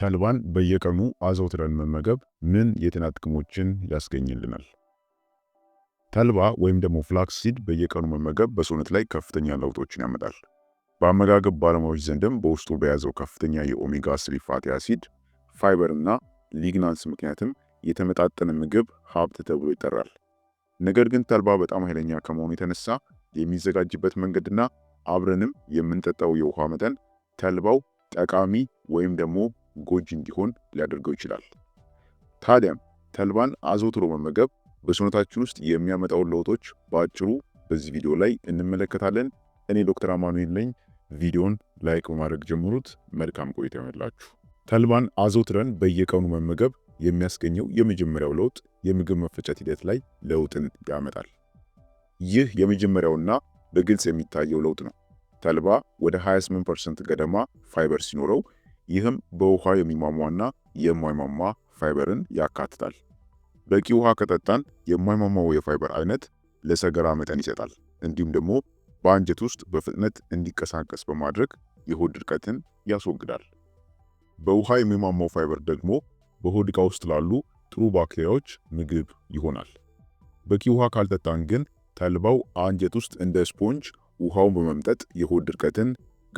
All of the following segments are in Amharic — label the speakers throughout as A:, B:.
A: ተልባን በየቀኑ አዘውትረን መመገብ ምን የጤና ጥቅሞችን ያስገኝልናል? ተልባ ወይም ደግሞ ሲድ በየቀኑ መመገብ በሰውነት ላይ ከፍተኛ ለውጦችን ያመጣል። በአመጋገብ ባለሙያዎች ዘንድም በውስጡ በያዘው ከፍተኛ የኦሜጋ 3 ፋቲ አሲድ፣ ፋይበር እና ሊግናንስ ምክንያትም የተመጣጠነ ምግብ ሀብት ተብሎ ይጠራል። ነገር ግን ተልባ በጣም ኃይለኛ ከመሆኑ የተነሳ የሚዘጋጅበት መንገድና አብረንም የምንጠጣው የውሃ መጠን ተልባው ጠቃሚ ወይም ደግሞ ጎጂ እንዲሆን ሊያደርገው ይችላል። ታዲያም ተልባን አዘውትሮ መመገብ በሰውነታችን ውስጥ የሚያመጣውን ለውጦች በአጭሩ በዚህ ቪዲዮ ላይ እንመለከታለን። እኔ ዶክተር አማኑኤል ነኝ። ቪዲዮን ላይክ በማድረግ ጀምሩት። መልካም ቆይታ ይሆንላችሁ። ተልባን አዘውትረን በየቀኑ መመገብ የሚያስገኘው የመጀመሪያው ለውጥ የምግብ መፈጨት ሂደት ላይ ለውጥን ያመጣል። ይህ የመጀመሪያውና በግልጽ የሚታየው ለውጥ ነው። ተልባ ወደ 28 ፐርሰንት ገደማ ፋይበር ሲኖረው ይህም በውሃ የሚሟሟና የማይሟሟ ፋይበርን ያካትታል። በቂ ውሃ ከጠጣን የማይሟሟው የፋይበር አይነት ለሰገራ መጠን ይሰጣል። እንዲሁም ደግሞ በአንጀት ውስጥ በፍጥነት እንዲቀሳቀስ በማድረግ የሆድ ድርቀትን ያስወግዳል። በውሃ የሚሟሟው ፋይበር ደግሞ በሆድ ዕቃ ውስጥ ላሉ ጥሩ ባክቴሪያዎች ምግብ ይሆናል። በቂ ውሃ ካልጠጣን ግን ተልባው አንጀት ውስጥ እንደ ስፖንጅ ውሃውን በመምጠጥ የሆድ ድርቀትን፣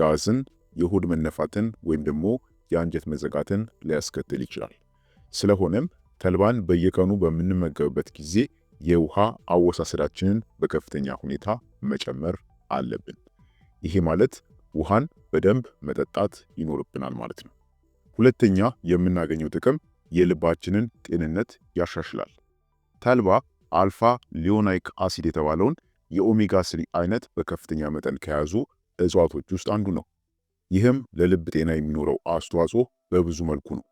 A: ጋዝን፣ የሆድ መነፋትን ወይም ደግሞ የአንጀት መዘጋትን ሊያስከትል ይችላል። ስለሆነም ተልባን በየቀኑ በምንመገብበት ጊዜ የውሃ አወሳሰዳችንን በከፍተኛ ሁኔታ መጨመር አለብን። ይሄ ማለት ውሃን በደንብ መጠጣት ይኖርብናል ማለት ነው። ሁለተኛ የምናገኘው ጥቅም የልባችንን ጤንነት ያሻሽላል። ተልባ አልፋ ሊዮናይክ አሲድ የተባለውን የኦሜጋ ስሪ አይነት በከፍተኛ መጠን ከያዙ እጽዋቶች ውስጥ አንዱ ነው። ይህም ለልብ ጤና የሚኖረው አስተዋጽኦ በብዙ መልኩ ነው።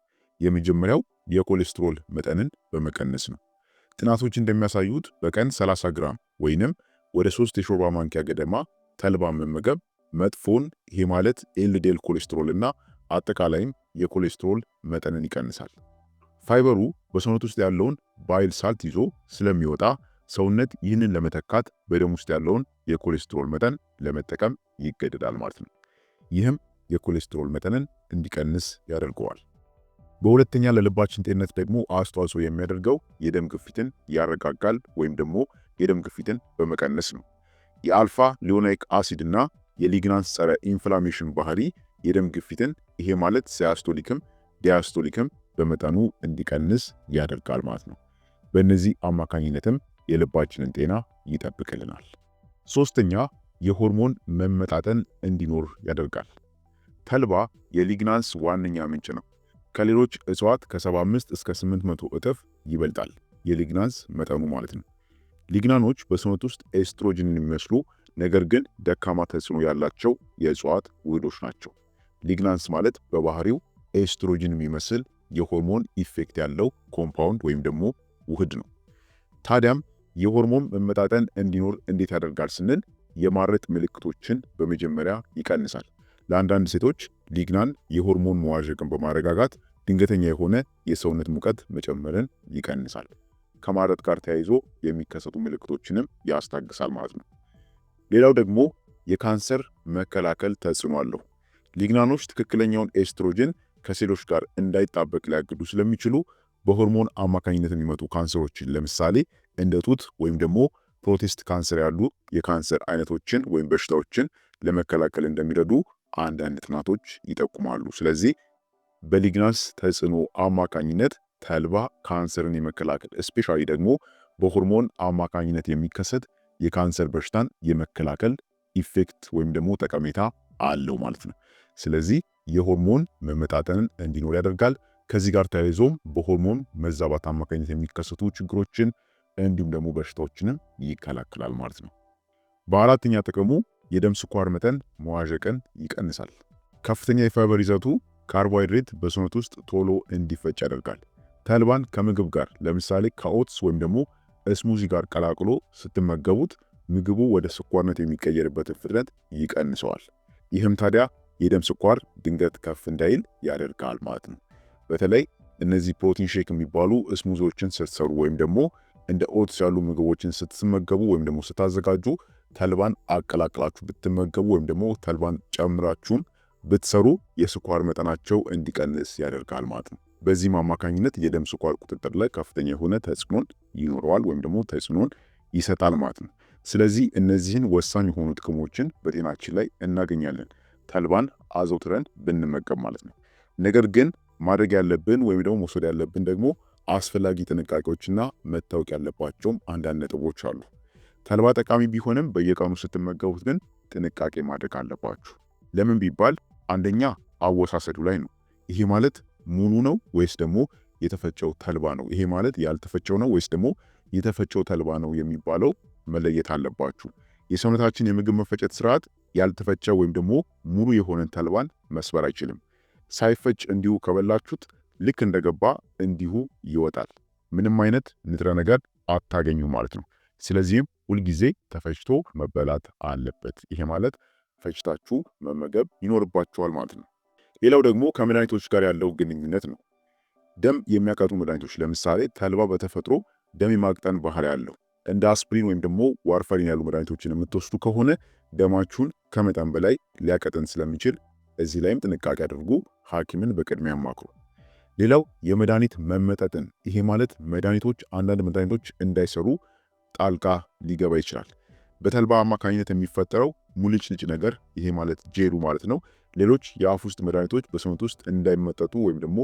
A: የመጀመሪያው የኮሌስትሮል መጠንን በመቀነስ ነው። ጥናቶች እንደሚያሳዩት በቀን 30 ግራም ወይንም ወደ 3 የሾርባ ማንኪያ ገደማ ተልባ መመገብ መጥፎን ይሄ ማለት ኤልዲኤል ኮሌስትሮል እና አጠቃላይም የኮሌስትሮል መጠንን ይቀንሳል። ፋይበሩ በሰውነት ውስጥ ያለውን ባይል ሳልት ይዞ ስለሚወጣ ሰውነት ይህንን ለመተካት በደም ውስጥ ያለውን የኮሌስትሮል መጠን ለመጠቀም ይገደዳል ማለት ነው። ይህም የኮሌስትሮል መጠንን እንዲቀንስ ያደርገዋል። በሁለተኛ ለልባችን ጤንነት ደግሞ አስተዋጽኦ የሚያደርገው የደም ግፊትን ያረጋጋል ወይም ደግሞ የደም ግፊትን በመቀነስ ነው። የአልፋ ሊዮናይክ አሲድ እና የሊግናንስ ጸረ ኢንፍላሜሽን ባህሪ የደም ግፊትን ይሄ ማለት ሲያስቶሊክም ዲያስቶሊክም በመጠኑ እንዲቀንስ ያደርጋል ማለት ነው። በእነዚህ አማካኝነትም የልባችንን ጤና ይጠብቅልናል። ሶስተኛ የሆርሞን መመጣጠን እንዲኖር ያደርጋል። ተልባ የሊግናንስ ዋነኛ ምንጭ ነው። ከሌሎች እጽዋት ከ75 እስከ 800 እጥፍ ይበልጣል የሊግናንስ መጠኑ ማለት ነው። ሊግናኖች በሰውነት ውስጥ ኤስትሮጅንን የሚመስሉ ነገር ግን ደካማ ተጽዕኖ ያላቸው የእጽዋት ውህዶች ናቸው። ሊግናንስ ማለት በባህሪው ኤስትሮጅን የሚመስል የሆርሞን ኢፌክት ያለው ኮምፓውንድ ወይም ደግሞ ውህድ ነው። ታዲያም የሆርሞን መመጣጠን እንዲኖር እንዴት ያደርጋል ስንል የማረጥ ምልክቶችን በመጀመሪያ ይቀንሳል። ለአንዳንድ ሴቶች ሊግናን የሆርሞን መዋዠቅን በማረጋጋት ድንገተኛ የሆነ የሰውነት ሙቀት መጨመርን ይቀንሳል። ከማረጥ ጋር ተያይዞ የሚከሰቱ ምልክቶችንም ያስታግሳል ማለት ነው። ሌላው ደግሞ የካንሰር መከላከል ተጽዕኖ አለው። ሊግናኖች ትክክለኛውን ኤስትሮጅን ከሴሎች ጋር እንዳይጣበቅ ሊያግዱ ስለሚችሉ በሆርሞን አማካኝነት የሚመጡ ካንሰሮችን ለምሳሌ እንደ ጡት ወይም ደግሞ ፕሮቴስት ካንሰር ያሉ የካንሰር አይነቶችን ወይም በሽታዎችን ለመከላከል እንደሚረዱ አንዳንድ ጥናቶች ይጠቁማሉ። ስለዚህ በሊግናስ ተጽዕኖ አማካኝነት ተልባ ካንሰርን የመከላከል እስፔሻሊ ደግሞ በሆርሞን አማካኝነት የሚከሰት የካንሰር በሽታን የመከላከል ኢፌክት ወይም ደግሞ ጠቀሜታ አለው ማለት ነው። ስለዚህ የሆርሞን መመጣጠንን እንዲኖር ያደርጋል። ከዚህ ጋር ተያይዞም በሆርሞን መዛባት አማካኝነት የሚከሰቱ ችግሮችን እንዲሁም ደግሞ በሽታዎችንም ይከላከላል ማለት ነው። በአራተኛ ጥቅሙ የደም ስኳር መጠን መዋዠቅን ይቀንሳል። ከፍተኛ የፋይበር ይዘቱ ካርቦሃይድሬት በሰውነት ውስጥ ቶሎ እንዲፈጭ ያደርጋል። ተልባን ከምግብ ጋር ለምሳሌ ከኦትስ ወይም ደግሞ ስሙዚ ጋር ቀላቅሎ ስትመገቡት ምግቡ ወደ ስኳርነት የሚቀየርበትን ፍጥነት ይቀንሰዋል። ይህም ታዲያ የደም ስኳር ድንገት ከፍ እንዳይል ያደርጋል ማለት ነው። በተለይ እነዚህ ፕሮቲን ሼክ የሚባሉ ስሙዚዎችን ስትሰሩ ወይም ደግሞ እንደ ኦትስ ያሉ ምግቦችን ስትመገቡ ወይም ደግሞ ስታዘጋጁ ተልባን አቀላቅላችሁ ብትመገቡ ወይም ደግሞ ተልባን ጨምራችሁም ብትሰሩ የስኳር መጠናቸው እንዲቀንስ ያደርጋል ማለት ነው። በዚህም አማካኝነት የደም ስኳር ቁጥጥር ላይ ከፍተኛ የሆነ ተጽዕኖን ይኖረዋል ወይም ደግሞ ተጽዕኖን ይሰጣል ማለት ነው። ስለዚህ እነዚህን ወሳኝ የሆኑ ጥቅሞችን በጤናችን ላይ እናገኛለን ተልባን አዘውትረን ብንመገብ ማለት ነው። ነገር ግን ማድረግ ያለብን ወይም ደግሞ መውሰድ ያለብን ደግሞ አስፈላጊ ጥንቃቄዎችና መታወቅ ያለባቸውም አንዳንድ ነጥቦች አሉ። ተልባ ጠቃሚ ቢሆንም በየቀኑ ስትመገቡት ግን ጥንቃቄ ማድረግ አለባችሁ። ለምን ቢባል አንደኛ አወሳሰዱ ላይ ነው። ይሄ ማለት ሙሉ ነው ወይስ ደግሞ የተፈጨው ተልባ ነው? ይሄ ማለት ያልተፈጨው ነው ወይስ ደግሞ የተፈጨው ተልባ ነው የሚባለው መለየት አለባችሁ። የሰውነታችን የምግብ መፈጨት ስርዓት ያልተፈጨ ወይም ደግሞ ሙሉ የሆነን ተልባን መስበር አይችልም። ሳይፈጭ እንዲሁ ከበላችሁት ልክ እንደገባ እንዲሁ ይወጣል። ምንም አይነት ንጥረ ነገር አታገኙ ማለት ነው። ስለዚህም ሁልጊዜ ተፈጭቶ መበላት አለበት። ይሄ ማለት ፈጭታችሁ መመገብ ይኖርባችኋል ማለት ነው። ሌላው ደግሞ ከመድኃኒቶች ጋር ያለው ግንኙነት ነው። ደም የሚያቀጡ መድኃኒቶች ለምሳሌ ተልባ በተፈጥሮ ደም የማቅጠን ባህሪ ያለው እንደ አስፕሪን ወይም ደግሞ ዋርፈሪን ያሉ መድኃኒቶችን የምትወስዱ ከሆነ ደማችሁን ከመጠን በላይ ሊያቀጥን ስለሚችል እዚህ ላይም ጥንቃቄ አድርጉ። ሐኪምን በቅድሚያ አማክሩ። ሌላው የመድኃኒት መመጠጥን፣ ይሄ ማለት መድኃኒቶች አንዳንድ መድኃኒቶች እንዳይሰሩ ጣልቃ ሊገባ ይችላል። በተልባ አማካኝነት የሚፈጠረው ሙልጭልጭ ነገር ይሄ ማለት ጄሉ ማለት ነው። ሌሎች የአፍ ውስጥ መድኃኒቶች በሰውነት ውስጥ እንዳይመጠጡ ወይም ደግሞ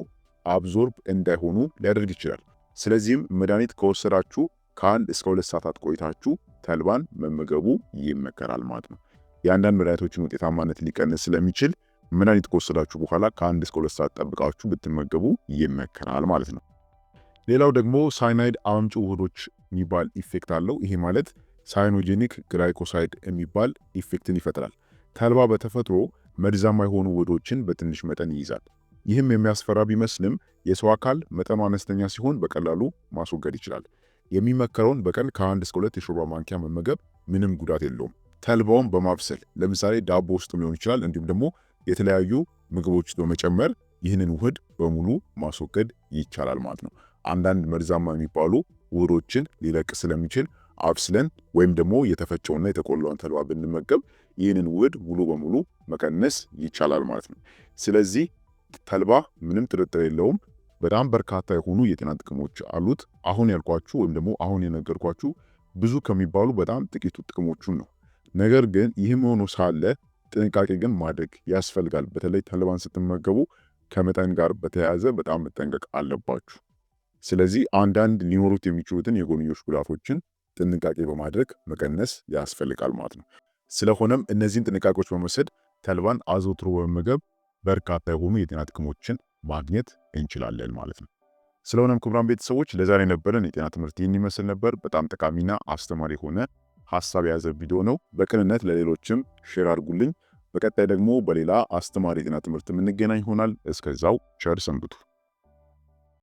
A: አብዞርብ እንዳይሆኑ ሊያደርግ ይችላል። ስለዚህም መድኃኒት ከወሰዳችሁ ከአንድ እስከ ሁለት ሰዓታት ቆይታችሁ ተልባን መመገቡ ይመከራል ማለት ነው። የአንዳንድ መድኃኒቶችን ውጤታማነት ሊቀንስ ስለሚችል መድኃኒት ከወሰዳችሁ በኋላ ከአንድ እስከ ሁለት ሰዓት ጠብቃችሁ ብትመገቡ ይመከራል ማለት ነው። ሌላው ደግሞ ሳይናይድ አምጪ ውህዶች የሚባል ኢፌክት አለው። ይሄ ማለት ሳይኖጄኒክ ግላይኮሳይድ የሚባል ኢፌክትን ይፈጥራል። ተልባ በተፈጥሮ መርዛማ የሆኑ ውህዶችን በትንሽ መጠን ይይዛል። ይህም የሚያስፈራ ቢመስልም የሰው አካል መጠኑ አነስተኛ ሲሆን በቀላሉ ማስወገድ ይችላል። የሚመከረውን በቀን ከአንድ እስከ ሁለት የሾርባ ማንኪያ መመገብ ምንም ጉዳት የለውም። ተልባውን በማብሰል ለምሳሌ ዳቦ ውስጥም ሊሆን ይችላል፣ እንዲሁም ደግሞ የተለያዩ ምግቦች በመጨመር ይህንን ውህድ በሙሉ ማስወገድ ይቻላል ማለት ነው። አንዳንድ መርዛማ የሚባሉ ውህዶችን ሊለቅ ስለሚችል አብስለን ወይም ደግሞ የተፈጨውና የተቆላውን ተልባ ብንመገብ ይህንን ውህድ ሙሉ በሙሉ መቀነስ ይቻላል ማለት ነው። ስለዚህ ተልባ ምንም ጥርጥር የለውም በጣም በርካታ የሆኑ የጤና ጥቅሞች አሉት። አሁን ያልኳችሁ ወይም ደግሞ አሁን የነገርኳችሁ ብዙ ከሚባሉ በጣም ጥቂቱ ጥቅሞቹን ነው። ነገር ግን ይህም ሆኖ ሳለ ጥንቃቄ ግን ማድረግ ያስፈልጋል። በተለይ ተልባን ስትመገቡ ከመጠን ጋር በተያያዘ በጣም መጠንቀቅ አለባችሁ። ስለዚህ አንዳንድ ሊኖሩት የሚችሉትን የጎንዮሽ ጉዳቶችን ጥንቃቄ በማድረግ መቀነስ ያስፈልጋል ማለት ነው። ስለሆነም እነዚህን ጥንቃቄዎች በመውሰድ ተልባን አዘውትሮ በመመገብ በርካታ የሆኑ የጤና ጥቅሞችን ማግኘት እንችላለን ማለት ነው። ስለሆነም ክቡራን ቤተሰቦች ለዛሬ የነበረን የጤና ትምህርት ይህን ይመስል ነበር። በጣም ጠቃሚና አስተማሪ የሆነ ሀሳብ የያዘ ቪዲዮ ነው። በቅንነት ለሌሎችም ሼር አድርጉልኝ። በቀጣይ ደግሞ በሌላ አስተማሪ የጤና ትምህርት የምንገናኝ ይሆናል። እስከዛው ቸር ሰንብቱ።